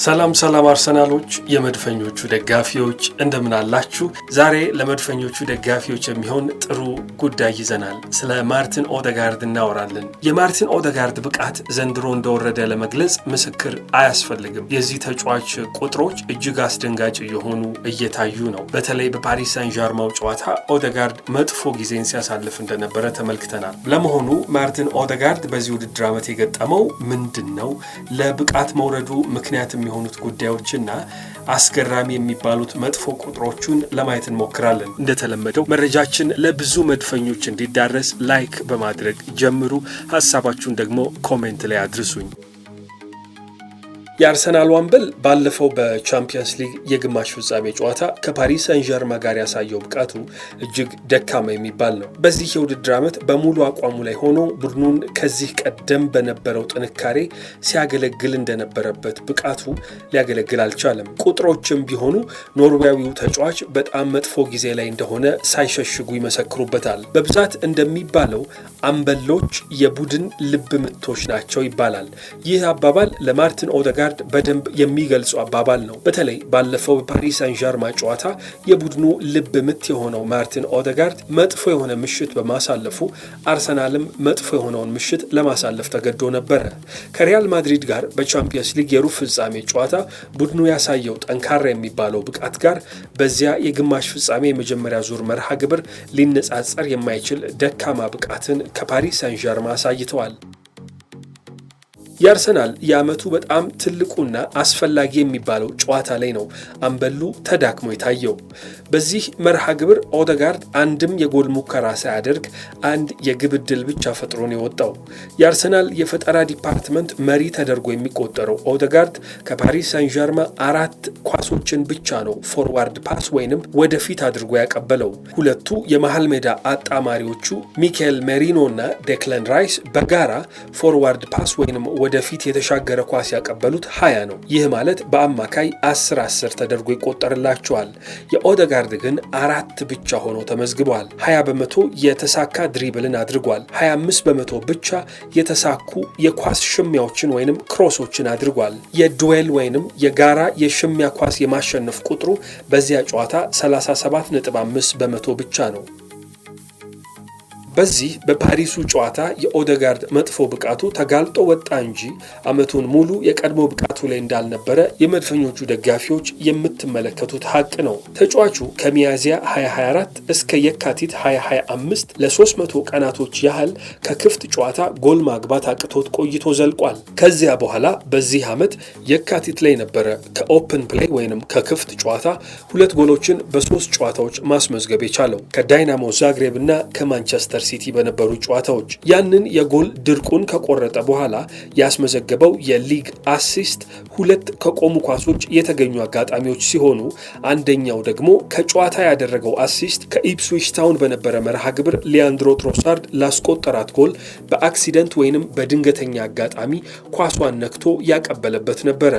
ሰላም ሰላም አርሰናሎች የመድፈኞቹ ደጋፊዎች እንደምን አላችሁ? ዛሬ ለመድፈኞቹ ደጋፊዎች የሚሆን ጥሩ ጉዳይ ይዘናል። ስለ ማርቲን ኦደጋርድ እናወራለን። የማርቲን ኦደጋርድ ብቃት ዘንድሮ እንደወረደ ለመግለጽ ምስክር አያስፈልግም። የዚህ ተጫዋች ቁጥሮች እጅግ አስደንጋጭ እየሆኑ እየታዩ ነው። በተለይ በፓሪስ ሳን ዣርማው ጨዋታ ኦደጋርድ መጥፎ ጊዜን ሲያሳልፍ እንደነበረ ተመልክተናል። ለመሆኑ ማርቲን ኦደጋርድ በዚህ ውድድር ዓመት የገጠመው ምንድን ነው? ለብቃት መውረዱ ምክንያት የሚሆኑት ጉዳዮችና አስገራሚ የሚባሉት መጥፎ ቁጥሮቹን ለማየት እንሞክራለን። እንደተለመደው መረጃችን ለብዙ መድፈኞች እንዲዳረስ ላይክ በማድረግ ጀምሩ። ሀሳባችሁን ደግሞ ኮሜንት ላይ አድርሱኝ። የአርሰናል ዋንበል ባለፈው በቻምፒየንስ ሊግ የግማሽ ፍጻሜ ጨዋታ ከፓሪስ ሰን ዠርማ ጋር ያሳየው ብቃቱ እጅግ ደካማ የሚባል ነው። በዚህ የውድድር ዓመት በሙሉ አቋሙ ላይ ሆኖ ቡድኑን ከዚህ ቀደም በነበረው ጥንካሬ ሲያገለግል እንደነበረበት ብቃቱ ሊያገለግል አልቻለም። ቁጥሮችም ቢሆኑ ኖርዌያዊው ተጫዋች በጣም መጥፎ ጊዜ ላይ እንደሆነ ሳይሸሽጉ ይመሰክሩበታል። በብዛት እንደሚባለው አምበሎች የቡድን ልብ ምቶች ናቸው ይባላል። ይህ አባባል ለማርቲን ኦደጋር ሊንጋርድ በደንብ የሚገልጹ አባባል ነው። በተለይ ባለፈው በፓሪስ ሳን ዣርማ ጨዋታ የቡድኑ ልብ ምት የሆነው ማርቲን ኦደጋርድ መጥፎ የሆነ ምሽት በማሳለፉ አርሰናልም መጥፎ የሆነውን ምሽት ለማሳለፍ ተገዶ ነበረ። ከሪያል ማድሪድ ጋር በቻምፒየንስ ሊግ የሩብ ፍጻሜ ጨዋታ ቡድኑ ያሳየው ጠንካራ የሚባለው ብቃት ጋር በዚያ የግማሽ ፍጻሜ የመጀመሪያ ዙር መርሃ ግብር ሊነጻጸር የማይችል ደካማ ብቃትን ከፓሪስ ሳን ዣርማ አሳይተዋል። የአርሰናል የዓመቱ በጣም ትልቁና አስፈላጊ የሚባለው ጨዋታ ላይ ነው አምበሉ ተዳክሞ የታየው። በዚህ መርሃ ግብር ኦደጋርድ አንድም የጎል ሙከራ ሳያደርግ አንድ የግብ ዕድል ብቻ ፈጥሮ ነው የወጣው። የአርሰናል የፈጠራ ዲፓርትመንት መሪ ተደርጎ የሚቆጠረው ኦደጋርድ ከፓሪስ ሳን ዣርማ አራት ኳሶችን ብቻ ነው ፎርዋርድ ፓስ ወይንም ወደፊት አድርጎ ያቀበለው። ሁለቱ የመሃል ሜዳ አጣማሪዎቹ ሚካኤል ሜሪኖ እና ዴክለን ራይስ በጋራ ፎርዋርድ ፓስ ወይንም ወደፊት የተሻገረ ኳስ ያቀበሉት 20 ነው። ይህ ማለት በአማካይ 10 10 ተደርጎ ይቆጠርላቸዋል። የኦደጋርድ ግን አራት ብቻ ሆኖ ተመዝግቧል። 20 በመቶ የተሳካ ድሪብልን አድርጓል። 25 በመቶ ብቻ የተሳኩ የኳስ ሽሚያዎችን ወይንም ክሮሶችን አድርጓል። የዱዌል ወይንም የጋራ የሽሚያ ኳስ የማሸነፍ ቁጥሩ በዚያ ጨዋታ 37.5 በመቶ ብቻ ነው። በዚህ በፓሪሱ ጨዋታ የኦደጋርድ መጥፎ ብቃቱ ተጋልጦ ወጣ እንጂ ዓመቱን ሙሉ የቀድሞ ብቃቱ ላይ እንዳልነበረ የመድፈኞቹ ደጋፊዎች የምትመለከቱት ሀቅ ነው። ተጫዋቹ ከሚያዝያ 2024 እስከ የካቲት 2025 ለ300 ቀናቶች ያህል ከክፍት ጨዋታ ጎል ማግባት አቅቶት ቆይቶ ዘልቋል። ከዚያ በኋላ በዚህ ዓመት የካቲት ላይ ነበረ ከኦፕን ፕሌይ ወይም ከክፍት ጨዋታ ሁለት ጎሎችን በሶስት ጨዋታዎች ማስመዝገብ የቻለው ከዳይናሞ ዛግሬብ እና ከማንቸስተር ማንቸስተር ሲቲ በነበሩ ጨዋታዎች ያንን የጎል ድርቁን ከቆረጠ በኋላ ያስመዘገበው የሊግ አሲስት ሁለት ከቆሙ ኳሶች የተገኙ አጋጣሚዎች ሲሆኑ አንደኛው ደግሞ ከጨዋታ ያደረገው አሲስት ከኢፕስዊች ታውን በነበረ መርሃ ግብር ሊያንድሮ ትሮሳርድ ላስቆጠራት ጎል በአክሲደንት ወይንም በድንገተኛ አጋጣሚ ኳሷን ነክቶ ያቀበለበት ነበረ።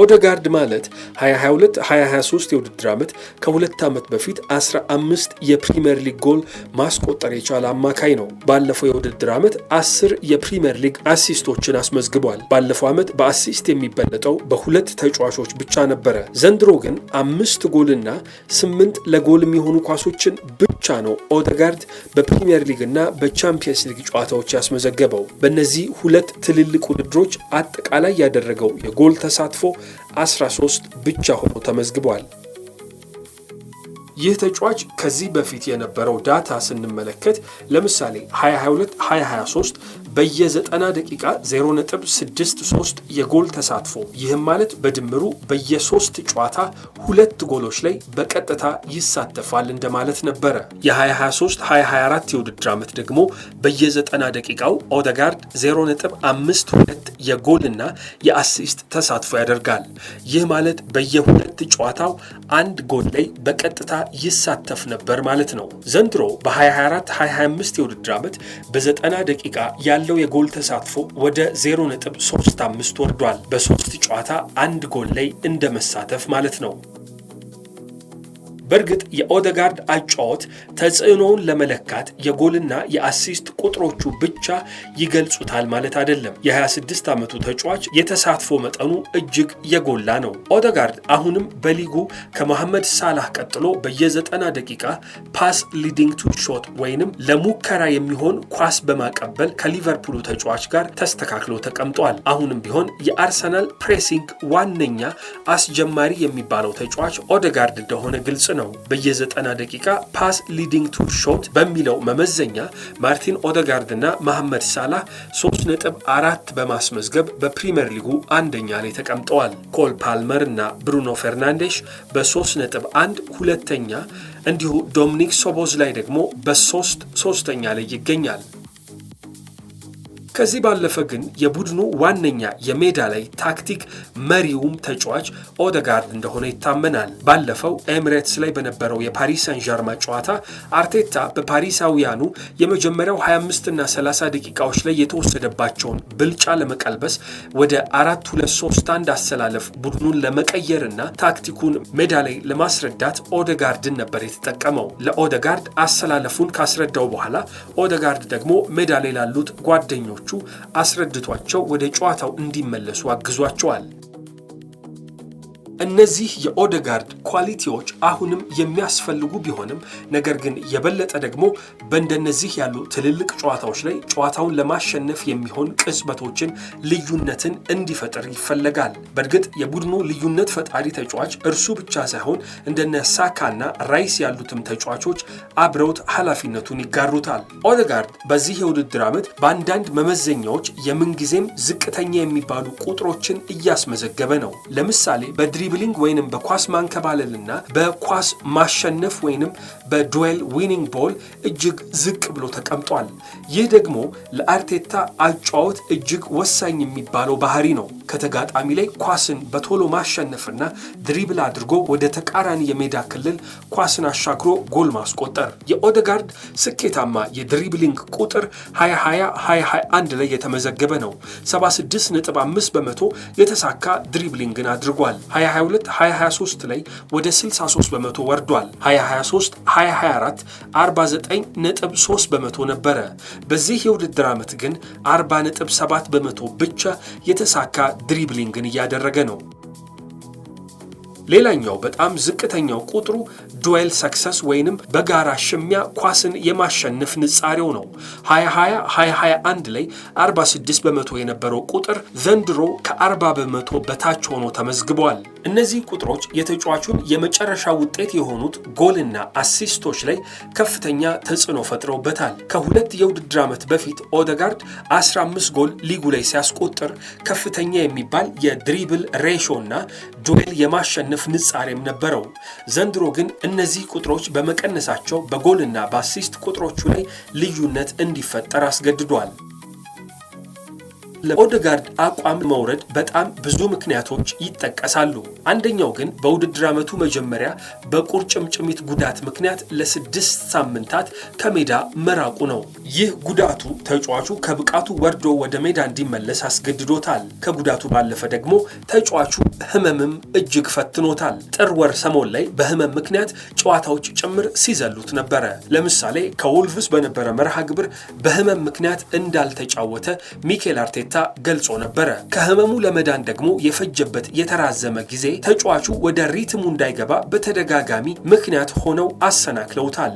ኦደጋርድ ማለት 2022/2023 የውድድር ዓመት ከሁለት ዓመት በፊት 15 የፕሪምየር ሊግ ጎል ማስቆጠር የቻለ አማካይ ነው። ባለፈው የውድድር ዓመት 10 የፕሪምየር ሊግ አሲስቶችን አስመዝግቧል። ባለፈው ዓመት በአሲስት የሚበለጠው በሁለት ተጫዋቾች ብቻ ነበረ። ዘንድሮ ግን አምስት ጎልና ስምንት ለጎል የሚሆኑ ኳሶችን ብቻ ነው ኦደጋርድ በፕሪምየር ሊግና በቻምፒየንስ ሊግ ጨዋታዎች ያስመዘገበው። በእነዚህ ሁለት ትልልቅ ውድድሮች አጠቃላይ ያደረገው የጎል ተሳትፎ 13 ብቻ ሆኖ ተመዝግቧል። ይህ ተጫዋች ከዚህ በፊት የነበረው ዳታ ስንመለከት ለምሳሌ 2022 2023 በየ90 ደቂቃ 0.63 የጎል ተሳትፎ ይህም ማለት በድምሩ በየሶስት ጨዋታ ሁለት ጎሎች ላይ በቀጥታ ይሳተፋል እንደማለት ነበረ። የ2023 2024 የውድድር ዓመት ደግሞ በየ90 ደቂቃው ኦደጋርድ 0.52 የጎልና የአሲስት ተሳትፎ ያደርጋል። ይህ ማለት በየሁለት ጨዋታው አንድ ጎል ላይ በቀጥታ ይሳተፍ ነበር ማለት ነው። ዘንድሮ በ 2024 የውድድር ዓመት በ90 ደቂቃ ያለው የጎል ተሳትፎ ወደ 0.35 ወርዷል። በሶስት ጨዋታ አንድ ጎል ላይ እንደመሳተፍ ማለት ነው። በእርግጥ የኦደጋርድ አጫወት ተጽዕኖውን ለመለካት የጎልና የአሲስት ቁጥሮቹ ብቻ ይገልጹታል ማለት አይደለም። የ26 ዓመቱ ተጫዋች የተሳትፎ መጠኑ እጅግ የጎላ ነው። ኦደጋርድ አሁንም በሊጉ ከመሐመድ ሳላህ ቀጥሎ በየ90 ደቂቃ ፓስ ሊዲንግ ቱ ሾት ወይንም ለሙከራ የሚሆን ኳስ በማቀበል ከሊቨርፑሉ ተጫዋች ጋር ተስተካክሎ ተቀምጧል። አሁንም ቢሆን የአርሰናል ፕሬሲንግ ዋነኛ አስጀማሪ የሚባለው ተጫዋች ኦደጋርድ እንደሆነ ግልጽ ነው። ነው። በየዘጠና ደቂቃ ፓስ ሊዲንግ ቱ ሾት በሚለው መመዘኛ ማርቲን ኦደጋርድ እና መሐመድ ሳላህ 3.4 በማስመዝገብ በፕሪምየር ሊጉ አንደኛ ላይ ተቀምጠዋል። ኮል ፓልመር እና ብሩኖ ፈርናንዴሽ በ3.1 ሁለተኛ፣ እንዲሁ ዶሚኒክ ሶቦዝ ላይ ደግሞ በ3 ሶስተኛ ላይ ይገኛል። ከዚህ ባለፈ ግን የቡድኑ ዋነኛ የሜዳ ላይ ታክቲክ መሪውም ተጫዋች ኦደጋርድ እንደሆነ ይታመናል። ባለፈው ኤሚሬትስ ላይ በነበረው የፓሪስ ሳን ዠርማ ጨዋታ አርቴታ በፓሪሳውያኑ የመጀመሪያው 25ና 30 ደቂቃዎች ላይ የተወሰደባቸውን ብልጫ ለመቀልበስ ወደ አራት አሰላለፍ ቡድኑን ለመቀየርና ታክቲኩን ሜዳ ላይ ለማስረዳት ኦደጋርድን ነበር የተጠቀመው። ለኦደጋርድ አሰላለፉን ካስረዳው በኋላ ኦደጋርድ ደግሞ ሜዳ ላይ ላሉት ጓደኞች። አስረድቷቸው ወደ ጨዋታው እንዲመለሱ አግዟቸዋል። እነዚህ የኦደጋርድ ኳሊቲዎች አሁንም የሚያስፈልጉ ቢሆንም ነገር ግን የበለጠ ደግሞ በእንደነዚህ ያሉ ትልልቅ ጨዋታዎች ላይ ጨዋታውን ለማሸነፍ የሚሆን ቅጽበቶችን፣ ልዩነትን እንዲፈጥር ይፈለጋል። በእርግጥ የቡድኑ ልዩነት ፈጣሪ ተጫዋች እርሱ ብቻ ሳይሆን እንደነ ሳካና ራይስ ያሉትም ተጫዋቾች አብረውት ኃላፊነቱን ይጋሩታል። ኦደጋርድ በዚህ የውድድር ዓመት በአንዳንድ መመዘኛዎች የምንጊዜም ዝቅተኛ የሚባሉ ቁጥሮችን እያስመዘገበ ነው። ለምሳሌ በድሪ ድሪብሊንግ ወይንም በኳስ ማንከባለልና በኳስ ማሸነፍ ወይንም በዱዌል ዊኒንግ ቦል እጅግ ዝቅ ብሎ ተቀምጧል። ይህ ደግሞ ለአርቴታ አጫወት እጅግ ወሳኝ የሚባለው ባህሪ ነው። ከተጋጣሚ ላይ ኳስን በቶሎ ማሸነፍና ድሪብል አድርጎ ወደ ተቃራኒ የሜዳ ክልል ኳስን አሻግሮ ጎል ማስቆጠር። የኦደጋርድ ስኬታማ የድሪብሊንግ ቁጥር 2020 2021 ላይ የተመዘገበ ነው። 76.5 በመቶ የተሳካ ድሪብሊንግን አድርጓል። 2022 2023 ላይ ወደ 63 በመቶ ወርዷል። 2023 2024 49.3 በመቶ ነበረ። በዚህ የውድድር ዓመት ግን 4ነ7 በመቶ ብቻ የተሳካ ድሪብሊንግን እያደረገ ነው። ሌላኛው በጣም ዝቅተኛው ቁጥሩ ዱዌል ሰክሰስ ወይንም በጋራ ሽሚያ ኳስን የማሸነፍ ንጻሬው ነው። 2020 2021 ላይ 46 በመቶ የነበረው ቁጥር ዘንድሮ ከ40 በመቶ በታች ሆኖ ተመዝግቧል። እነዚህ ቁጥሮች የተጫዋቹን የመጨረሻ ውጤት የሆኑት ጎልና አሲስቶች ላይ ከፍተኛ ተጽዕኖ ፈጥረውበታል። ከሁለት የውድድር ዓመት በፊት ኦደጋርድ 15 ጎል ሊጉ ላይ ሲያስቆጥር ከፍተኛ የሚባል የድሪብል ሬሾ እና ዱዌል የማሸነፍ የማሸነፍ ንጻሬም ነበረው። ዘንድሮ ግን እነዚህ ቁጥሮች በመቀነሳቸው በጎልና በአሲስት ቁጥሮቹ ላይ ልዩነት እንዲፈጠር አስገድዷል። ለኦደጋርድ አቋም መውረድ በጣም ብዙ ምክንያቶች ይጠቀሳሉ። አንደኛው ግን በውድድር ዓመቱ መጀመሪያ በቁርጭምጭሚት ጉዳት ምክንያት ለስድስት ሳምንታት ከሜዳ መራቁ ነው። ይህ ጉዳቱ ተጫዋቹ ከብቃቱ ወርዶ ወደ ሜዳ እንዲመለስ አስገድዶታል። ከጉዳቱ ባለፈ ደግሞ ተጫዋቹ ህመምም እጅግ ፈትኖታል። ጥር ወር ሰሞን ላይ በህመም ምክንያት ጨዋታዎች ጭምር ሲዘሉት ነበረ። ለምሳሌ ከውልቭስ በነበረ መርሃ ግብር በህመም ምክንያት እንዳልተጫወተ ሚኬል አርቴ ሁኔታ ገልጾ ነበረ። ከህመሙ ለመዳን ደግሞ የፈጀበት የተራዘመ ጊዜ ተጫዋቹ ወደ ሪትሙ እንዳይገባ በተደጋጋሚ ምክንያት ሆነው አሰናክለውታል።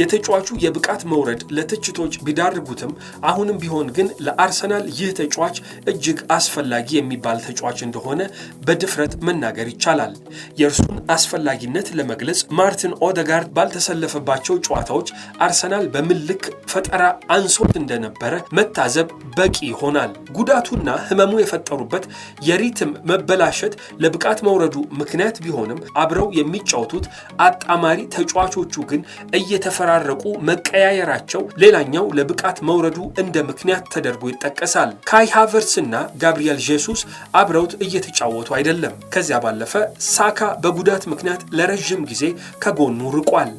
የተጫዋቹ የብቃት መውረድ ለትችቶች ቢዳርጉትም አሁንም ቢሆን ግን ለአርሰናል ይህ ተጫዋች እጅግ አስፈላጊ የሚባል ተጫዋች እንደሆነ በድፍረት መናገር ይቻላል። የእርሱን አስፈላጊነት ለመግለጽ ማርቲን ኦደጋርድ ባልተሰለፈባቸው ጨዋታዎች አርሰናል በምልክ ፈጠራ አንሶት እንደነበረ መታዘብ በቂ ይሆናል። ጉዳቱና ህመሙ የፈጠሩበት የሪትም መበላሸት ለብቃት መውረዱ ምክንያት ቢሆንም አብረው የሚጫወቱት አጣማሪ ተጫዋቾቹ ግን እየተፈ ሲፈራረቁ መቀያየራቸው ሌላኛው ለብቃት መውረዱ እንደ ምክንያት ተደርጎ ይጠቀሳል። ካይ ሃቨርስ እና ጋብሪኤል ጄሱስ አብረውት እየተጫወቱ አይደለም። ከዚያ ባለፈ ሳካ በጉዳት ምክንያት ለረዥም ጊዜ ከጎኑ ርቋል።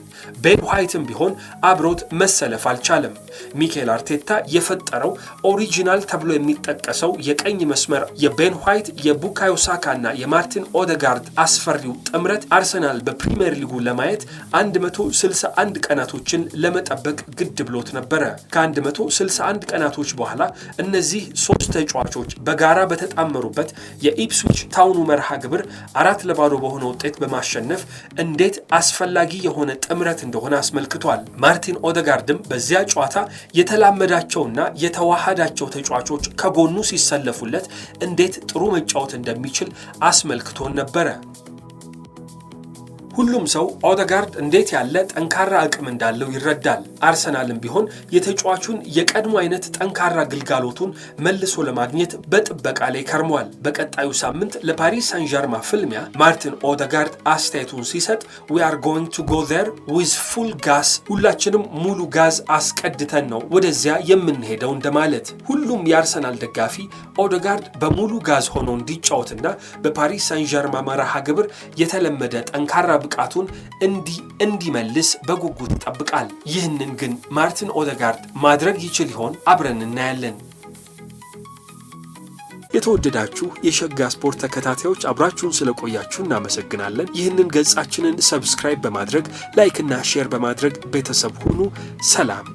ቤን ዋይትም ቢሆን አብሮት መሰለፍ አልቻለም። ሚኬል አርቴታ የፈጠረው ኦሪጂናል ተብሎ የሚጠቀሰው የቀኝ መስመር የቤን ዋይት የቡካዮ ሳካ እና የማርቲን ኦደጋርድ አስፈሪው ጥምረት አርሰናል በፕሪምየር ሊጉ ለማየት 161 ቀናቶችን ለመጠበቅ ግድ ብሎት ነበረ። ከ161 ቀናቶች በኋላ እነዚህ ሶስት ተጫዋቾች በጋራ በተጣመሩበት የኢፕስዊች ታውኑ መርሃ ግብር አራት ለባዶ በሆነ ውጤት በማሸነፍ እንዴት አስፈላጊ የሆነ ጥምረት መሰረት እንደሆነ አስመልክቷል። ማርቲን ኦደጋርድም በዚያ ጨዋታ የተላመዳቸውና የተዋሃዳቸው ተጫዋቾች ከጎኑ ሲሰለፉለት እንዴት ጥሩ መጫወት እንደሚችል አስመልክቶ ነበረ። ሁሉም ሰው ኦደጋርድ እንዴት ያለ ጠንካራ አቅም እንዳለው ይረዳል። አርሰናልም ቢሆን የተጫዋቹን የቀድሞ አይነት ጠንካራ ግልጋሎቱን መልሶ ለማግኘት በጥበቃ ላይ ከርሟል። በቀጣዩ ሳምንት ለፓሪስ ሳን ዣርማ ፍልሚያ ማርቲን ኦደጋርድ አስተያየቱን ሲሰጥ ዊ አር ጎይንግ ቱ ጎ ዜር ዊዝ ፉል ጋስ፣ ሁላችንም ሙሉ ጋዝ አስቀድተን ነው ወደዚያ የምንሄደው እንደማለት። ሁሉም የአርሰናል ደጋፊ ኦደጋርድ በሙሉ ጋዝ ሆኖ እንዲጫወትና በፓሪስ ሳን ዣርማ መርሃ ግብር የተለመደ ጠንካራ ብቃቱን እንዲመልስ በጉጉት ይጠብቃል። ይህንን ግን ማርቲን ኦደጋርድ ማድረግ ይችል ይሆን? አብረን እናያለን። የተወደዳችሁ የሸጋ ስፖርት ተከታታዮች አብራችሁን ስለቆያችሁ እናመሰግናለን። ይህንን ገጻችንን ሰብስክራይብ በማድረግ ላይክና ሼር በማድረግ ቤተሰብ ሁኑ። ሰላም።